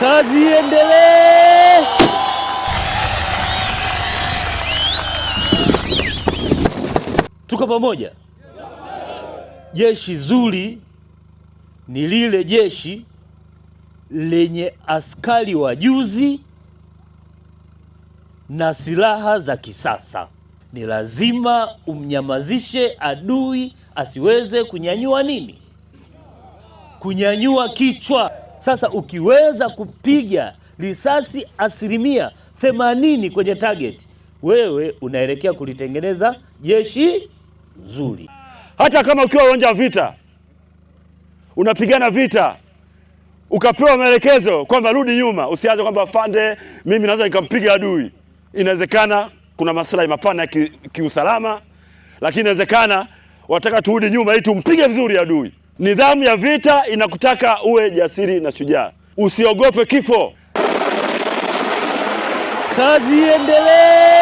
kazi iendelee. Tuko pamoja. Jeshi zuri ni lile jeshi lenye askari wa juzi na silaha za kisasa. Ni lazima umnyamazishe adui asiweze kunyanyua nini? Kunyanyua kichwa. Sasa ukiweza kupiga risasi asilimia themanini kwenye target, wewe unaelekea kulitengeneza jeshi nzuri Hata kama ukiwa uwanja wa vita unapigana vita ukapewa maelekezo kwamba rudi nyuma, usianze kwamba afande, mimi naweza nikampiga adui. Inawezekana kuna maslahi mapana ya ki, kiusalama, lakini inawezekana wataka turudi nyuma ili tumpige vizuri adui. Nidhamu ya vita inakutaka uwe jasiri na shujaa, usiogope kifo. Kazi iendelee.